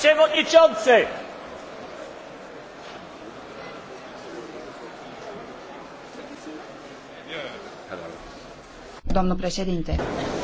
przewodniczący! Domnul președinte.